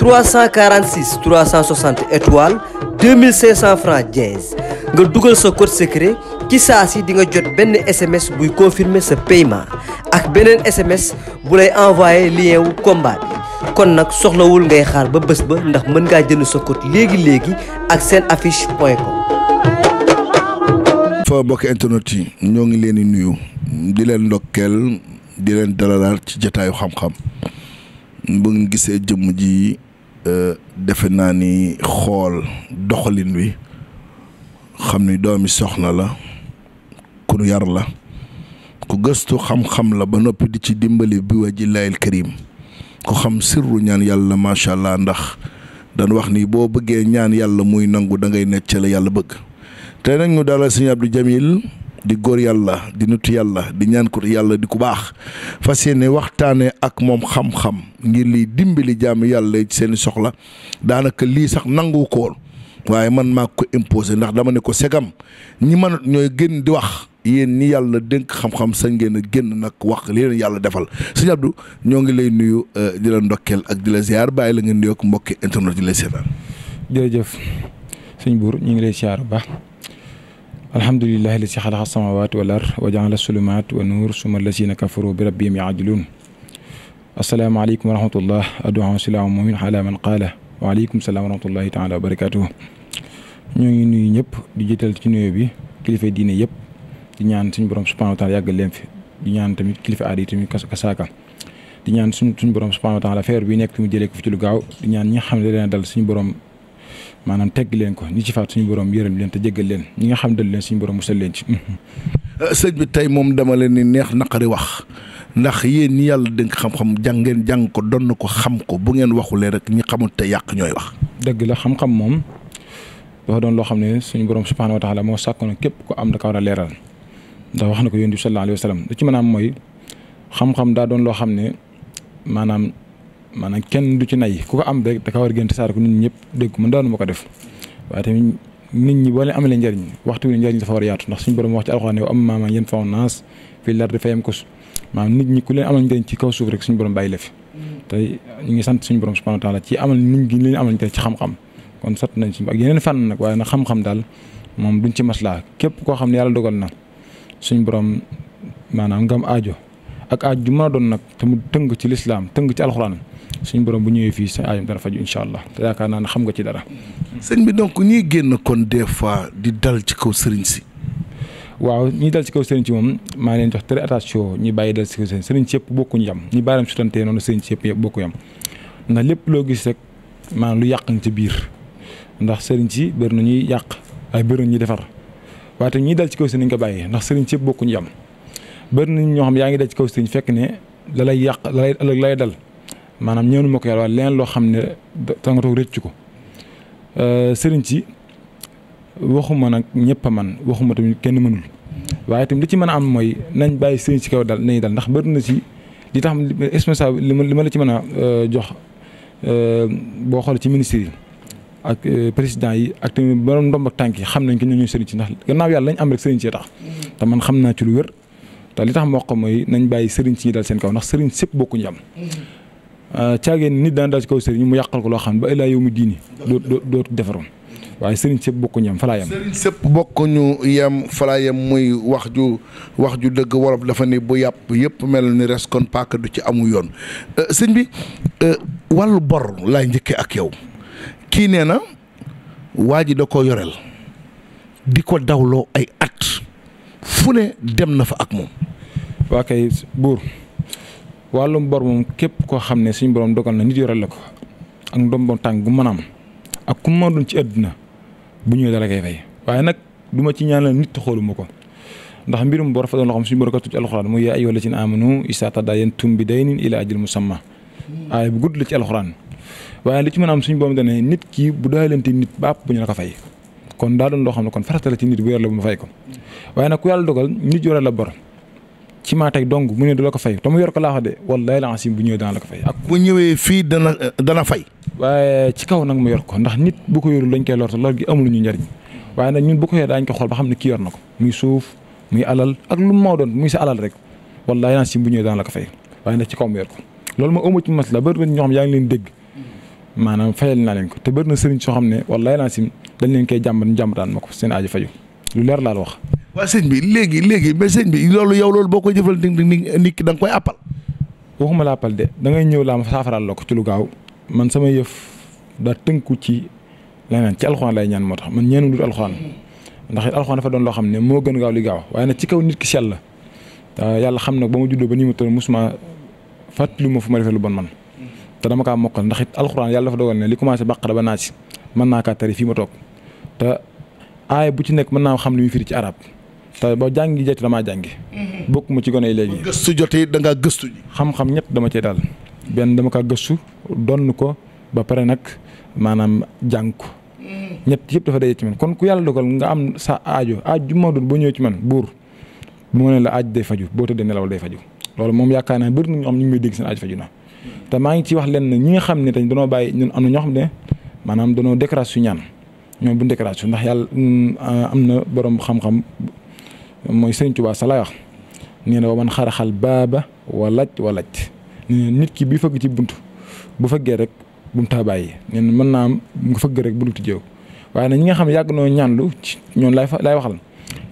346 360 étoiles 2500 francs dièse nga dugal sa côte secret ci saa si di nga jot benn SMS buy confirmer sa paiement ak beneen SMS bu lay envoyé lien wu kon nag soxlawul ngay xaar ba bés ba ndax mën ngaa jënd sa code léegi léegi ak seen affiche point com. bokk mbokki internet yi ñoo ngi leen di nuyu di leen ndokkeel di leen dalalaat ci jataayu xam-xam bu ngi gisee jëmm ji. Euh, defe naa ni xool doxalin wi xam ni doomi soxna la ku yar la ku gëstu xam-xam la ba noppi di ci dimbali bi wa ji layil karim ku xam sirru ñaan yàlla macha allah ndax dañ wax ni boo bëggee ñaan yàlla muy nangu da ngay necc la yàlla bëgg tey nag ñu dalal sëñ di góor yàlla di nitu yàlla di ñaan ko yàlla di ku baax fas yéene waxtaanee ak moom xam-xam ngir liy dimbali jàmm yàlla seeni soxla daanaka lii sax nangu ko waaye man maa ko imposé ndax dama ne ko segam ñi mënut ñooy génn di wax yéen ñi yàlla dénk xam-xam sañ ngeen a génn nag wax li leen yàlla defal sëñ Abdou ñoo ngi lay nuyu euh, di la ndokkeel ak di la ziar bàyyi la ngeen di yokk mbokki internet di la seetaan. jërëjëf sëñ Bour ñu ngi lay ziar bu baax. alhamdulilahi la si xalaqa samawat wal ard wa jaala sulumaat wa nuur suma lasina kafaru bi rabbihim yaajilun asalaamaaleykum wa rahmatullah adduan silaamu mumin ala man qaala waaleykum salaam wa taala wa barakatuhu ñoo ngi nuyu ñëpp di ci nuyoo bi kilifa diine yëpp di ñaan suñu borom subhanahu wa taala leen fi di ñaan tamit kilifa aada yi tamit kasaaka di ñaan suñ suñu borom subhanahu wa taala feer bi nekk fi mu jëlee ko fi ci lu di ñaan borom maanaam tegg leen ko ñi ci faat suñu borom yërëm leen te jéggal leen ñi nga xam dal leen suñu borom musal leen ci. Euh, sëñ bi tey moom dama leen ni neex naqari wax ndax yéen ñi yàlla dénk xam-xam jàng ngeen doon na ko xam ko bu ngeen waxu waxulee rek ñi xamul te yàq ñooy wax. dëgg la xam-xam moom dafa doon loo xam ne suñu borom subhaanahu wa taala moo na képp ko am da ka war a leeral ndax wax na ko yonent bi sallallahu alayhi wa sallam ci mën a am mooy xam-xam maanaam kenn du ci nay ku ko am rek da ka war a gën tasaare ko nit ñëpp dégg ko man daanu ma ko def waaye tamit nit ñi boo leen amalee njariñ waxtu wi njariñ dafa war a yaatu ndax suñu borom wax ci alxuraan ne am dafa yem ko su nit ñi ku leen amal njariñ ci kaw suuf rek suñu borom bàyyi la fi mm. tey ñu ngi sant suñu borom subhanahu wa taala ci amal nit ñi leen amal njariñ ci xam-xam kon sat nañ suñu ak yeneen fànn nag waaye nag xam daal moom duñ ci maslaa képp koo xam ne yàlla dogal na suñu borom maanaam ngam aajo ak aaj ju mën doon nag te mu tënk ci lislaam tëng ci alxuraan suñ borom bu ñëwee fii sa aajam dana faju incha allah te yaakaar naa ne xam nga ci dara. sëñ bi donc ñuy génn kon des fois di dal ci kaw sëriñ si. waaw ñi dal ci kaw sëriñ si moom maa ngi leen jox très ñi bàyyi dal ci kaw sëriñ sëriñ si yëpp bokkuñu yam ñi baaram sutantee noonu sëriñ si yëpp bokku yam ndax lépp loo gis rek maanaam lu yàq nga ci biir ndax sëriñ si bëri na ñuy yàq ay bëri ñuy defar waaye tamit dal ci kaw sëriñ nga bàyyi ndax sëriñ si yëpp bokkuñu yam bëri nañ ñoo xam yaa ngi dal ci kaw sëriñ fekk ne la lay yàq la lay dal maanaam ñëw ma ko yàlla waaye leneen loo xam ne da nga toog rëcc ko euh, sëriñ si waxuma nag ñëpp a man waxuma tamit kenn mënul waaye tamit li ci mën a am mooy nañ bàyyi sëriñ si kaw dal nañu dal ndax bëri na ci li tax responsable li ma la ci mën a euh, jox euh, boo xoolee ci ministère yi ak président yi ak tamit borom ndomb xam nañ ko ñoo ñooy sëriñ si ndax gannaaw yàlla lañ am rek sëriñ si tax te xam na ci lu wér te li tax moo ko mooy nañ bàyyi sëriñ si ñu dal seen kaw ndax sëriñ sëpp bokkuñu am Euh, caageen nit daan daal ci kaw sëriñ mu yàqal ko loo xam ne ba illaa yow mi diini doo dootu defaroon waaye sëriñ sëpp bokkuñu yem falaa yem sëriñ sëpp bokkuñu yem falaa muy wax ju ju dëgg wolof dafa ni bu yàpp yëpp mel ni res kon paaka du ci amu yoon euh, sëñ bi euh, wàllu bor laay njëkkee ak yow kii nee na waa ji da ko yoreel di ko dawloo ay at fu ne dem na fa ak moom waa kay buur wàllum bor moom képp koo xam ne suñu borom dogal na nit yoral la ko ak ndombo tàng gu mën ak ku ma doon ci àdduna bu ñëwee dala koy fay waaye nag du ma ci ñaan la nit xooluma ko ndax mbirum bor fa doon loo xam suñu borom ko tudd ci alxuraan muy yaa ayyuhal lazina amanu izaa tadayantum bi daynin ilaa ajalin musammaa aaya bu gudd la ci alxuraan waaye li ci mën am suñu borom dane nit kii bu daalante nit bàpp bu ñu la ko fay kon daa doon loo xam ne kon farata la ci nit bu yor la bu ma fay ko waaye nag ku yàlla dogal nit yore la bor ki maa tey dong mu ne du la ko fay te mu yor ko laa wax de wallahi la asim bu ñëwee dana la ko fay. waaye ci kaw nag mu yor ko ndax nit bu ko yorul lañ koy lor te gi amul ñu njariñ waaye nag ñun bu ko yoree daañu xool ba xam ne kii yor na ko muy suuf muy alal ak lu mu moo doon muy rek wallahi la asim bu ñëwee dana la ko fay waaye nag ci kaw mu yor ko loolu moo ëmb ci mas la bëri na ñoo xam yaa ngi leen dégg maanaam naa leen ko te bëri na sëriñ soo xam ne wallahi la asim dañ leen koy jàmbat jàmbataan ma ko seen aaji faju lu leer laa wax waa sëñ bi léegi léegi ba sëñ bi loolu yow loolu boo koy jëfal di nit ki da nga koy appal. waxuma la appal de da ngay ñëw laa ma saafaraal la ko ci lu gaaw man sama yëf da tënku ci leneen ci alxuraan lay ñaan moo tax man ñaanu dul alxuraan ndax it alxuraan dafa doon loo xam ne moo gën gaaw li gaaw waaye nag ci kaw nit ki sell yàlla xam nag ba ma juddoo ba nii ma toll musuma fàttali ma fu ma defee lu man te dama kaa mokkal ndax it alxuraan yàlla dafa dogal ne li commencé bàqara ba naa ci mën naa kaa tari fii ma toog te aaya bu ci nekk mën naa xam ne muy firi ci arab te ba jàngi jot damaa jàngi. Mm-hmm. bokk mu ci gone yi léegi. gëstu jotee da ngaa gëstu ji. xam-xam ñett dama cee daal benn dama kaa gëstu donn ko ba pare nag maanaam jàng ko. Mm-hmm. ñett yëpp dafa daje ci kon ku yàlla dogal nga am sa aajo aaju ma doon boo ñëwee ci man buur bu ma ne la aaj day faju boo tëddee nelaw day faju loolu moom yaakaar naa bëri na ñoo xam ñu ngi may dégg seen aaj faju na maa ngi ci wax leen ñi nga xam ne dañ danoo bàyyi ñun am na ñoo xam maanaam danoo déclaration ñaan ñoom bu déclaration ndax yàlla mm, am na boroom xam-xam mooy Sëriñ Tuubaa sa lay wax nee na wa man xaraxal baaba wa laj wa laj nee nit ki bi fëgg ci bunt bu fëggee rek bu mu taabaay nee mën naa am nga fëgg rek bu dul tijjeew waaye nag ñi nga xam yàgg noo ñaanlu ci ñoom laay laay waxal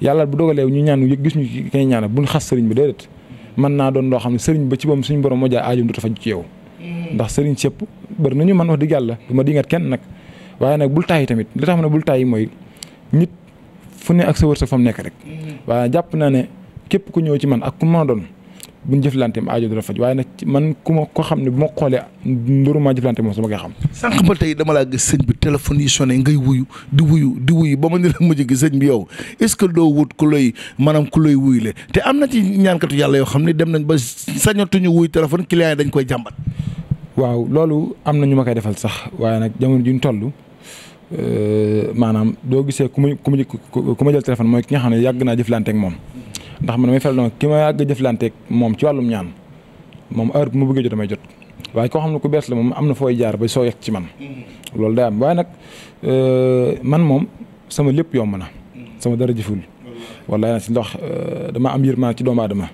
yàlla bu dogalee ñu ñaan yëg gis ñu ci kay ñaan bu ñu xas sëriñ bi déedéet mën naa doon loo xam ne sëriñ ba ci boom suñu borom moo jaay aajum du ta faj ci yow ndax sëriñ sëpp bëri nañu man wax dëgg yàlla du ma dingat kenn nag waaye nag bul taay tamit li tax ma ne bul taay mooy fu ne ak sa wërsëg fa mu nekk rek waaye jàpp naa ne képp ku ñëw ci man ak ku ma doon buñ jëflanteem aajo dara faj waaye nag man ku ma ko xam ne bu ma xoolee nduru maa jëflante moom sama koy xam sànq ba tey dama laa gis sëñ bi téléphone yi sonné ngay wuyu di wuyu di wuyu ba ma ni la mujj gi sëñ bi yow est-ce que doo wut ku lay maanaam ku lay wuyu le te am na ci ñaankatu yàlla yoo xam ne dem nañ ba sañatuñu wuyu téléphone client yi dañ koy jàmbat waaw loolu am na ñu ma koy defal sax waaye nag jamono juñ toll Euh, maanaam doo gisee ku ma ku ma ku ma jël téléphone mooy ki nga xam ne yàgg naa jëflanteeg moom ndax man damay fel doon ki ma yàgg jëflanteeg moom ci wàllum ñaan moom heure bu ma bëggee jot may jot waaye koo xam ne ku bees la moom am na fooy jaar ba soo yegg ci man loolu day am waaye nag euh, man moom sama lépp yomb na sama dara jëful wallaay na si ndox euh, dama am yërmaa ci doomu aadama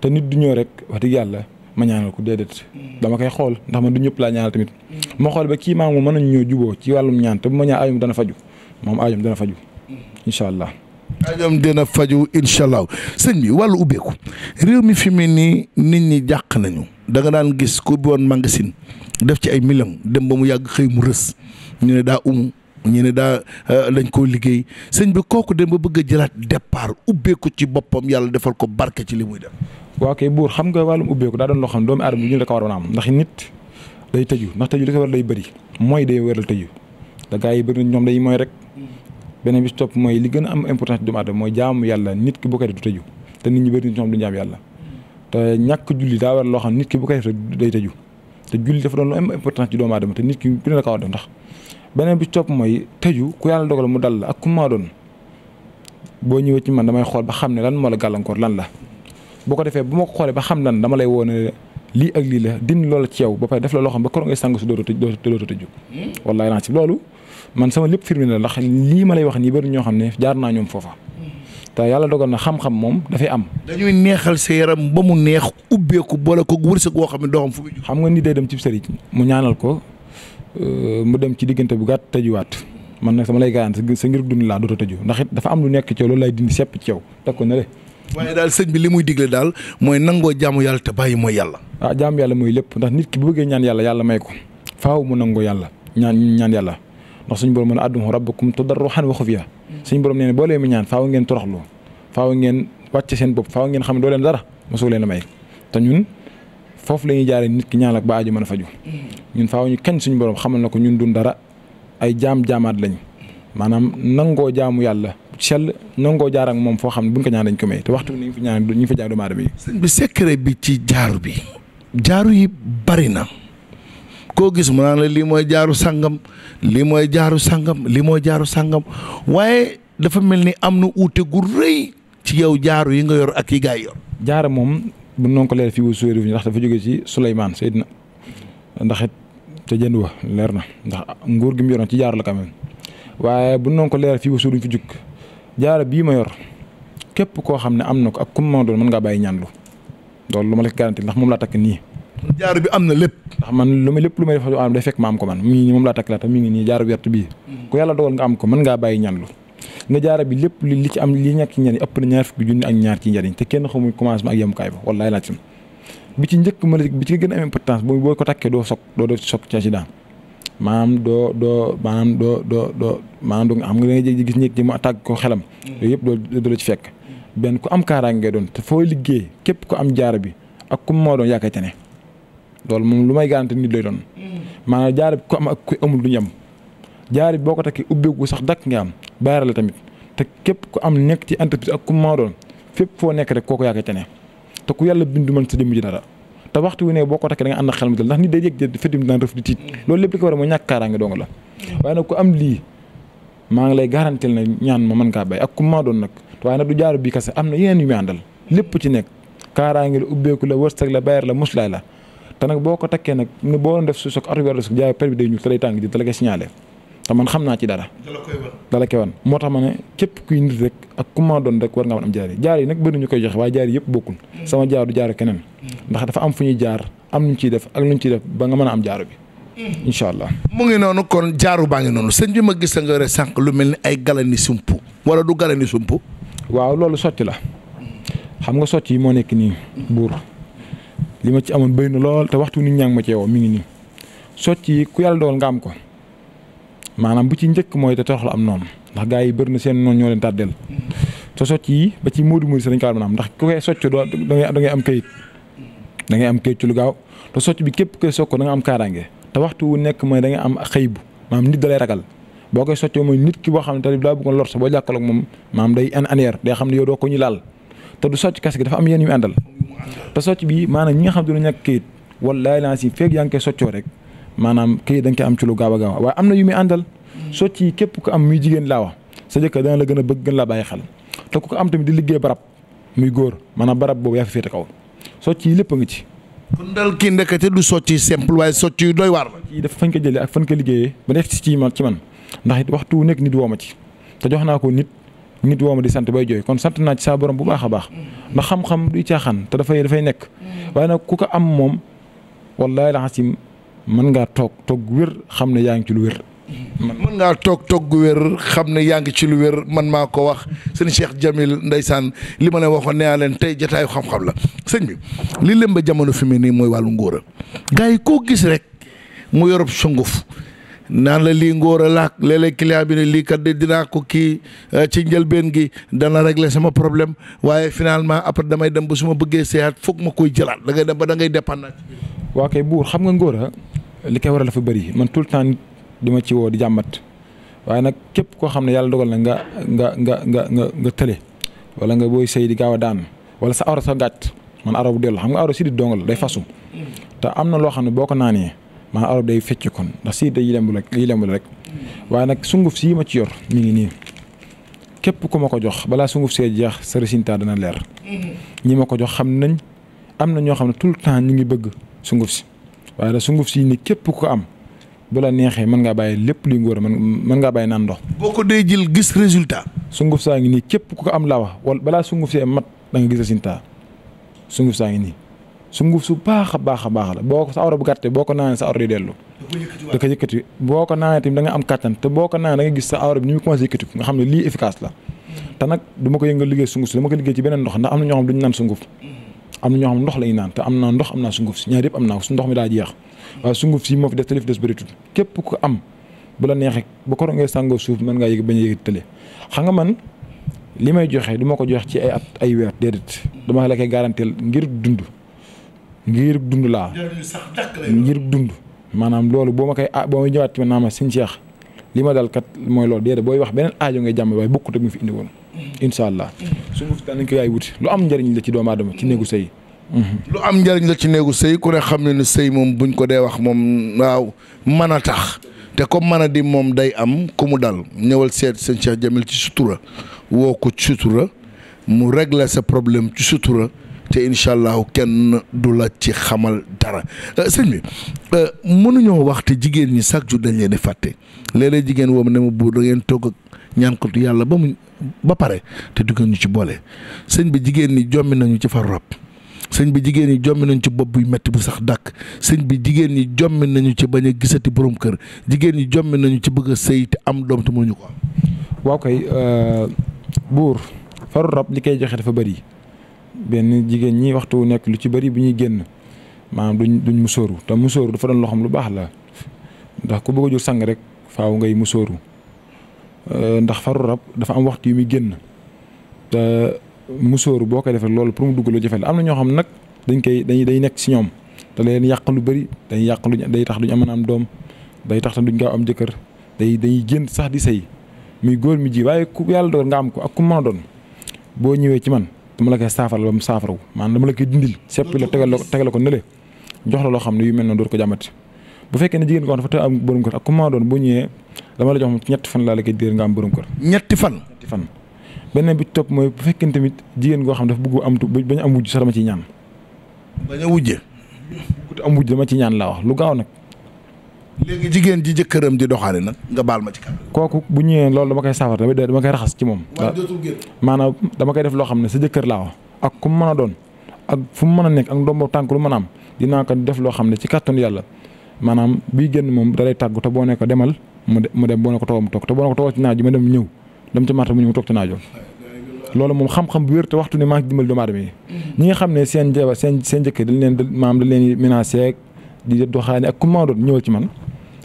te nit du ñëw rek wax dëgg yàlla ma ñaanal ko déedéet dama koy xool ndax ma du ñëpp laa ñaanal tamit ma xool ba kii maa mu mën nañ ñoo juboo ci wàllum ñaan te bu ma ñaan aajom dana faju moom aajom dana faju incha allah aajom dina faju incha allah sëñ bi wàllu ubbeeku réew mi fi mu nii nit ñi jàq nañu da nga daan gis ku bi woon magasin def ci ay milam dem ba mu yàgg xëy mu rës ñu ne daa umu ñu ne daa euh, lañ koo liggéey sëñ bi kooku dem ba bëgg a jëlaat départ ubbeeku ci boppam yàlla defal ko barke ci li muy def. waa kay buur xam nga wàllum ubbeeku daa doon loo xam ne doomu aadama bi ñu da ko waroon am ndax nit day tëju ndax tëju li ko war day bëri mooy day wéral tëju te gars yi bëri na ñoom day mooy rek beneen bi si topp mooy li gën a am importance doomu aadama mooy jaamu yàlla nit ki bu ko def du tëju te yàlla ñàkk julli daa loo xam nit ki bu ko def day tëju te julli dafa doon lu am importance ci doomu aadama te nit ki ku ne la ko war def ndax beneen bi ci mooy tëju ku yàlla dogal mu dal la ak ku maa doon boo ñëwee ci man damay xool ba xam ne lan moo la gàllankoor lan la boo ko defee bu ma ko xoolee ba xam lan dama lay woo lii ak lii la din loola ci yow ba def la loo xam ba koro ngay sàng su dootoo tëj dootoo tëju hmm? wallaahi naa ci loolu man sama lépp firmi la ndax lii ma lay wax nii bëri ñoo xam ne jaar naa ñoom foofa hmm. te yàlla dogal na xam-xam moom dafay am. dañuy neexal sa yaram ba mu neex ubbeeku boole ko wërsëg woo xam ne doo xam xam nga ni day dem ci sëriñ mu ñaanal ko Euh, mu dem ci diggante bu gàtt tëjuwaat man nag sama lay garanti sa ngir dund laa doota tëju ndax it dafa am lu nekk ci yow loolu lay dindi sepp ci yow teg ko ne waaye daal sëñ bi li muy digle daal mooy nangoo jaamu yàlla te bàyyi mooy yàlla. ah jaamu yàlla mooy lépp ndax nit ki bu bëggee ñaan yàlla yàlla may ko faaw mu nangoo yàlla ñaan ñaan yàlla ndax suñu borom mën a addumu rabbakum tadarruhan wa xufya suñu borom nee na boo leen mi ñaan faaw ngeen toroxlu faaw ngeen wàcc seen xam ne doo leen dara mosoo leen a may foofu la ñuy jaaree nit ki ñaan ak ba aju mën a faju ñun faaw ñu kañ suñu borom xamal na ko ñun dun dara ay jaam jaamaat lañ maanaam nangoo jaamu yàlla sell nangoo jaar ak moom foo xam ne bu ñu ko ñaan dañ ko may te waxtu ni ñu fa ñaan ñu fa jaar doomu aadama yi. sëñ bi bi ci jaaru bi. jaaru yi bari na. koo gis mu lii mooy jaaru sàngam lii mooy jaaru sàngam lii mooy jaaru sàngam waaye dafa mel ni am na uute gu rëy ci yow jaaru yi nga yor ak yi gaa yor. jaara moom bu noonu ko leer fii wu suuree wuñ ndax dafa jóge ci Souleymane Seydina ndax it te jënd wa leer na ndax nguur gi mu yoroon ci jaar la quand même waaye bu noonu ko leer fii wu suur duñ fi jukk jaara bii ma yor képp koo xam ne am na ko ak kum ma doon mën ngaa bàyyi loolu lu ma la garanti ndax moom laa takk nii. jaar bi am na lépp. ndax man lu ma lépp lu may def day fekk ma am ko man mi ngi nii moom laa takk laa tam mi ngi nii jaar bi bii. Mm. ku yàlla dogal nga am ko mën ngaa bàyyi ñaanlu nga jaara bi lépp li ci am li ñàkk njariñ ëpp na ñaar fukki junni ak ñaar ci njariñ te kenn xamul commencement ak yemukaay ba wallaay laaj bi ci njëkk mën bi ci gën a am importance boobu boo ko takkee doo sok doo def sok ci accident maanaam doo doo maanaam doo doo doo maanaam do xam nga da nga gis ñeeg ji mu attaque ko xelam mm. yooyu yëpp doo doo la ci fekk benn ku am kaaraange ngay doon te foo liggéey képp ku am jaara bi ak ku moo doon yaakaar te ne loolu moom lu may garanti nit lay doon mm. maanaam jaara bi ku am ak ku amul du ñu am jaara bi boo ko takkee ubbeeku sax dakk nga am baara la tamit te képp ku am nekk ci entreprise ak ku maa doon fépp foo nekk rek kooku yaa koy tene te ku yàlla bindu mën sa jëmm ji dara te waxtu wu ne boo ko takkee da nga ànd ak xel mu ndax nit day yëg fétim daan rëf di tiit loolu lépp li ko war a mooy am lii maa ngi lay garantil na ñaan ma mën kaa bay ak doon nag waaye nag bi am na yeneen yu muy àndal lépp ci nekk kaaraange la ubbeeku la wërsëg la la muslaay la te nag boo ko boo doon def su soog atu weer la jaay per bi day ñuul te day tàng ji te la koy signalé te xam naa ci dara. dala koy moo tax ma ne képp kuy nit rek ak ku ma doon rek war nga mën am jaar yi yi nag bëri ñu koy joxe waaye jaar yi yëpp bokkul. Mm. sama jaar keneen. Mm. ndax dafa am fu ñuy jaar am ñu ciy def ak lu ñu def ba nga mën am jaaro bi. Mm. allah. mu ngi noonu kon jaaru baa ngi noonu sañ bi ma gis nga yore sànq lu mel ni ay galani sumpu wala du galani sumpu. waaw loolu sotti la xam nga sotti yi moo nekk nii buur li ma ci amoon bëri na lool te waxtu nit ñaa ngi ma cee woo mi ngi nii sotti yi ku yàlla dool nga am ko maanaam bu ci njëkk mooy te toroxlu am noonu ndax gars yi bëri na seen noonu ñoo leen tàddeel te socc yi ba ci moodu moodu sax dañu ko mën am ndax ku koy socc doo da ngay am lu gaaw te bi képp koy sokk da nga am kaaraange te waxtu wu nekk mooy da nga am xëybu maanaam nit da ragal boo koy soccee mooy nit ki boo xam ne tey daa bëggoon lor sa boo jàkkaarloog moom maanaam day an aneer day xam ne yow doo ko ñu laal te du socc kas gi dafa am yenn yu àndal te socc bi maanaam ñi nga xam ne du nekk kayit yaa ngi koy soccoo rek maanaam kii da nga koy am ci lu gaaw a gaaw waaye am na yu muy àndal soo ci képp ku am muy jigéen laa wax sa jëkkër dana la gën a bëgg gën laa bàyyi yaa fi a ngi ci kon daal kii ndekete du socc simple waaye socc yu doy waar la. kii dafa fañ ko jëlee ak ba def ci man ci man ndax it waxtu wu ma ci te jox naa ko nit nit woo di sant bay jooy kon sant naa ci saa bu baax a baax ndax xam-xam du caaxaan te dafay dafay nekk mm. waaye nag ku ko am moom wallaahi la xasim mën ngaa toog toog gu wér xam ne yaa ngi ci lu wér. mën ngaa toog toog gu xam ne yaa ngi ci lu wér man maa ko wax sëñ Cheikh Jamil ndeysaan li ma leen waxoon nee leen tey jataayu xam-xam la sëñ bi lii lëm ba jamono fi mu nii mooy wàllu ngóor a gars yi koo gis rek mu yorob sunguf naan la lii ngóor laa laak léeg bi ne lii kat de dinaa ko kii eh, ci njëlbeen gi dana régler sama problème waaye finalement après damay dem ba suma bëggee seeyaat foog ma koy jëlaat dangay dem ba dangay ngay dépendre. waa kay xam nga ngóor a li koy war dafa bëri man tout le temps nit di ma ci woo di jàmbat waaye nag képp koo xam ne yàlla dogal na nga nga nga nga nga nga tële wala nga booy sëy di gaaw a daan wala sa awra sa gàtt man awra bu dellu xam nga awra si di dongal day fasu te am na loo xam ne boo ko naanee man awra day fecc kon ndax si day lembu rek yi lembu rek waaye nag sunguf sii ma ci yor mi ngi nii képp ku ma ko jox balaa sunguf see jeex sa résultat dana leer mm-hmm. ñii ma ko jox xam nañ am na ñoo xam ne tout le temps ñu ngi bëgg sunguf si waaye sunguf si ni képp ko am bu la neexee mën ngaa bàyyi lépp luy ngóor mën mën ngaa bàyyi naan ndox. boo ko dee jël gis résultat. sunguf saa ngi nii képp ku ko am laa wax wala balaa sunguf see mat da nga gis résultat sunguf saa ngi nii sunguf su baax a baax a baax la boo ko sa awra bu gàttee boo ko naanee sa awra di dellu. da ko yëkkati boo ko naanee tamit da nga am kàttan te boo ko naanee da gis sa awra bi ni mu commencé yëkkati nga xam ne lii efficace la mm. te nag du ma ko yëngal liggéey sunguf si dama ko liggéey ci beneen ndox am na ñoo xam sunguf mm. am ñoo xam ndox lañu naan te am naa ndox am naa sunguf si ñaar yëpp am naa su ndox mi daa jeex waaye sunguf si moo fi des tële fi des bëritul képp ku am bu la neexee ba koro ngay sàngoo suuf mën ngaa yëg bañ a yëg tële xam nga man li may joxe du ma ko jox ci ay at ay weer déedéet dama la koy garanteel ngir dund ngir dund laa ngir dund maanaam loolu boo ma koy ah boo may ñëwaat ci ma naa ma sëñ li ma dal kat mooy loolu booy wax beneen aajo ngay jàmm waaye bokkut ak mu fi indi woon incha allah suñu waxtaan nañ ko wuti lu am njëriñ la ci doomu ci néegu sëy lu am njariñ la ci néegu sëy ku ne xam ne ne sëy moom buñ ko dee wax moom waaw man a tax te comme mën a di moom day am ku mu dal ñëwal seet sëñ Cheikh Jamil ci sutura woo ko ci sutura mu régler sa problème ci sutura te incha allahu kenn du la ci xamal dara euh, sëñ bi euh, mënuñoo wax te jigéen ñi chaque jour dañ leen di fàtte léeg-léeg jigéen woom ne ma buur da ngeen toog ñaankatu yàlla ba mu ba pare te du ñu ci boole sëñ bi jigéen ñi jommi nañu ci far sëñ bi jigéen ñi jommi nañu ci bopp buy metti bu sax dàkk sëñ bi jigéen ñi jommi nañu ci bañ a gisati boroom kër jigéen ñi jommi nañu ci bëgg a sëy te am doom te ñu ko am. waaw kay euh, buur faru li koy joxe dafa bëri benn jigéen ñi waxtu wu nekk lu ci bari bu ñuy génn maanaam duñ duñ musóoru te musóoru dafa doon loo xam lu baax la ndax ku bëgg a jur sang rek faaw ngay musóoru Euh, ndax faru rab dafa am waxtu yu muy génn te musóoru boo koy defee loolu pour mu dugg lu jafe la am na ñoo xam nag dañ koy dañ day nekk si ñoom te leen yàq lu bëri dañ yàq lu day tax duñ am am doom day tax duñ gaaw am jëkkër day dañuy génn sax di sëy muy góor mi ji waaye ku yàlla doon nga am ko ak ku mën boo ñëwee ci man dama la koy saafaral ba mu saafaraw maanaam dama la koy dindil seppi la tegale ko nële jox la loo xam ne yu mel na dootu ko jàmmati bu fekkee ne jigéen ko dafa te am borom kër a boo ñëwee dama la jox moom ñetti fan laa la koy diir borom kër. ñetti fan. ñetti fan beneen bi topp mooy bu fekkee tamit jigéen goo xam dafa bëgg am bañ am wujj sax dama ciy ñaan. bañ a wujje. bëggut am ci ñaan laa wax lu gaaw nag. léegi jigéen ji jëkkëram di doxaale nag nga ma ci kooku bu ñëwee loolu dama koy saafara dama koy dama koy raxas ci moom. maanaam dama koy def loo xam ne sa jëkkër laa wax ak ku mu mën a doon ak fu mu mën a nekk ak ndombo tànk lu mën a am dinaa ko def loo xam ne ci kàttanu yàlla maanaam bii génn moom dalay lay boo nekk demal mu mu dem boo ne ko toogal mu toog te boo ne ko toogal ci naaj bi ma dem ñëw dem ca marta mu ñëw mu toog ci naajoon loolu moom xam-xam waxtu ne maa ngi dimbali doomu aadama yi mm-hmm. ñi nga xam ne seen jabar seen seen dañ leen maam dañ leen menacé ak di def doxaani ak ku ma doon ci man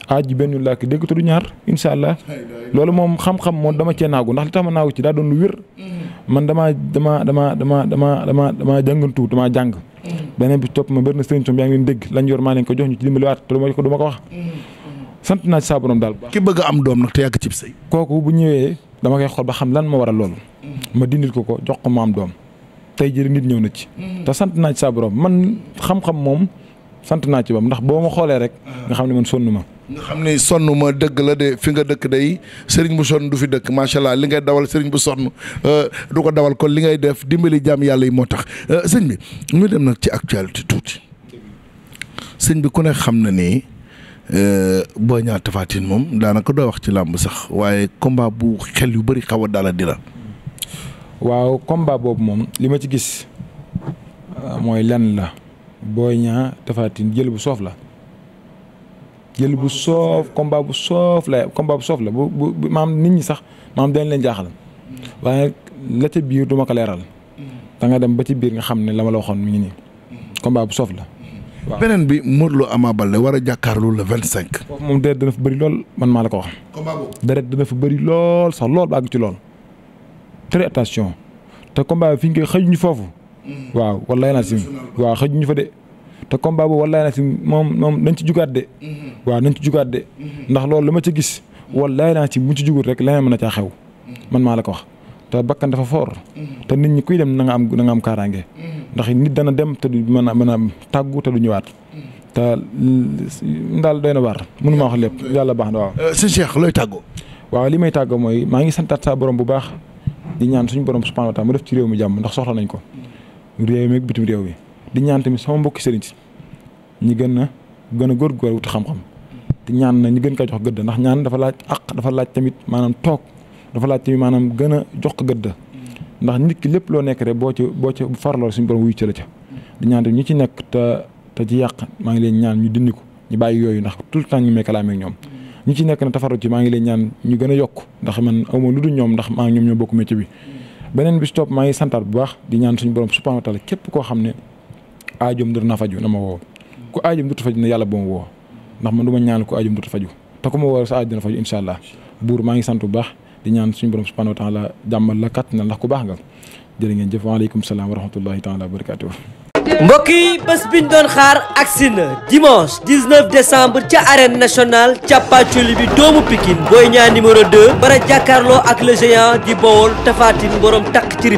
aaj ji benn làkk dégg te ñaar incha allah loolu moom xam-xam moom dama cee naagu ndax li tax ma naagu ci daa doon lu wér mm-hmm. man damaa dama dama dama dama dama damaa jàngantu damaa jàng mm-hmm. beneen bi topp ma bëri na sëriñ som yaa ngi leen dégg lañ ko jox ñu ci dimbaliwaat te ko du ma ko wax sant naaj ci saa borom daal ki bëgg am doom nag te yàgg cib sëy kooku bu ñëwee dama koy xool ba xam lan ma a loolu mm-hmm. ma dindil ko ko jox ko ma am doom tey jii nit ñëw na ci mm-hmm. te sant naa ci man xam moom sant naa ci bam ndax boo ma xoolee rek ah. nga xam ne man sonn ma nga xam ne sonn ma dëgg la de fi nga dëkk day sëriñ bu sonn du fi dëkk macha allah li ngay dawal sëriñ bu sonn euh, du ko dawal kon li ngay def dimbali jaam yàlla yi moo tax euh, sëñ bi ñu dem nag ci actualité tuuti sëñ bi ku ne xam na nii Euh, Boy Niang Tapha moom daanaka doo wax ci làmb sax waaye combat bu xel yu bëri xaw a daal di la. waaw combat boobu moom li ma ci gis euh, mooy lan la Boy Niang Tapha jël bu soof la jël bu soof combat bu soof la combat bu la bu maam nit ñi sax maam dañ leen jaaxal waaye la ca biir duma ko leeral. Mm. nga dem ba ci biir nga xam ne la ma la waxoon mi ngi nii. combat bu soof la. beneen bi Modou Lo Ama Baldé war a jàkkaarloo le vingt cinq. moom deret dina fa bëri lool man maa la ko wax. combat boobu deret dina fa bëri lool sax lool ba àgg ci lool. très attention te combat bi fi ñu foofu. Mm. waaw wallaay naa si waaw xëjuñu fa de. te combat boobu wallaay naa moom moom nañ ci jugaat de. Mm-hmm. waaw nañ ci jugaat de. Mm-hmm. ndax loolu la ma ci gis. Mm-hmm. wallaay naa si mu ci jugul rek leneen mën na caa xew. man maa la ko wax te bakkan dafa fort. te nit ñi kuy dem na nga am na nga am kaaraange. ndax nit dana dem te du mën a mën a tàggu te du ñëwaat. te daal doy na waar mënu ma wax lépp yàlla baax na waaw. Euh, sëñ Cheikh looy tàggoo. waaw li may tàggoo mooy maa ngi santaat saa borom bu baax di ñaan suñu borom subhanahu wa mu def ci réew mi jàmm ndax soxla nañ ko. réew mi ak bitim réew mi di ñaan tamit sama mbokki sëriñ si ñi gën a gën a góorgóorlu wuti xam-xam. te ñaan na ñu gën ko jox gëdd ndax ñaan dafa laaj ak dafa laaj tamit maanaam toog dafa laaj tamit maanaam gën a jox ko gëdd ndax nit ki lépp loo nekk rek boo ci boo ci farloo suñu borom wuyu ci la ca di ñaan ñu ci nekk te te ci yàq maa ngi leen ñaan ñu dindi ko ñu bàyyi yooyu ndax tout le temps ñu may kalaame ñoom ñu nekk na tafaru ci maa ngi leen ñaan ñu gën a yokk ndax man awma lu dul ñoom ndax maa ngi ñoom ñoo bokk métier bi beneen bi si maa ngi santaat bu baax di ñaan suñu borom subhanahu wa képp koo xam ne aajoom dër na faju na ma woo ku aajoom dut faju na yàlla bo ma woo ndax man du ma ñaan ku aajoom faju te ku ma woo sa aajoom dina faju incha allah buur maa ngi sant bu baax di ñaan suñu borom subhanahu wa taala jàmmal la kat na ndax ku baax nga jërë ngeen jëf waaleykum salaam wa rahmatullahi taala wa barakatuh mbokk yi bés biñ doon xaar agsi na dimanche 19 décembre ca arène nationale càppaacoli bi doomu Pikine Boy Niang numéro 2 bara jàkkaarloo ak le géant di Bawol Tapha Tine borom takk ci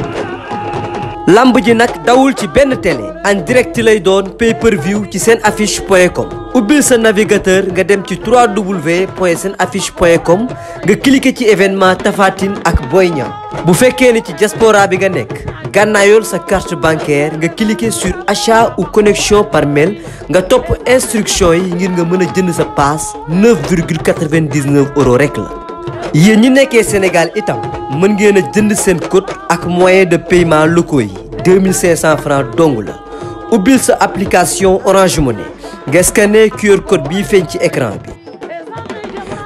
lamb ji nag dawul ci benn télé en direct lay doon pay per view ci seen affiche point com ubbil sa navigateur nga dem ci www.senaffiche.com nga cliqué ci événement Tapha ak Boy Niang bu fekkee ni ci diaspora bi nga nekk gànnaayoon sa carte bancaire nga cliquer sur achat ou connexion par mail nga topp instruction yi ngir nga mën a jënd sa paas 9,99 euros rek la yéen ñi nekkee Sénégal itam mën ngeen a jënd seen code ak moyen de paiement locaux yi 2500 francs dong la ubbil sa application Orange Money nga scanné QR côte bii feeñ ci ecran bi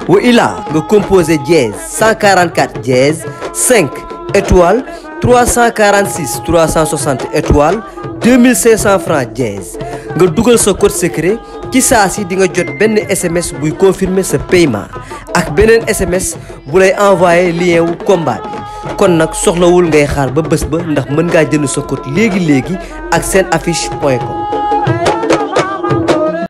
wa ilaa nga composé dièse 144 dièse 5 étoile 346 360 étoile 2500 francs dièse nga dugal sa code secret ci saa si di nga jot benn SMS buy confirmer sa paiement ak beneen SMS bu lay envoyé lien wu combat kon nag soxlawul ngay xaar ba bés ba ndax mën ngaa jënd sa code léegi léegi ak seen affiche point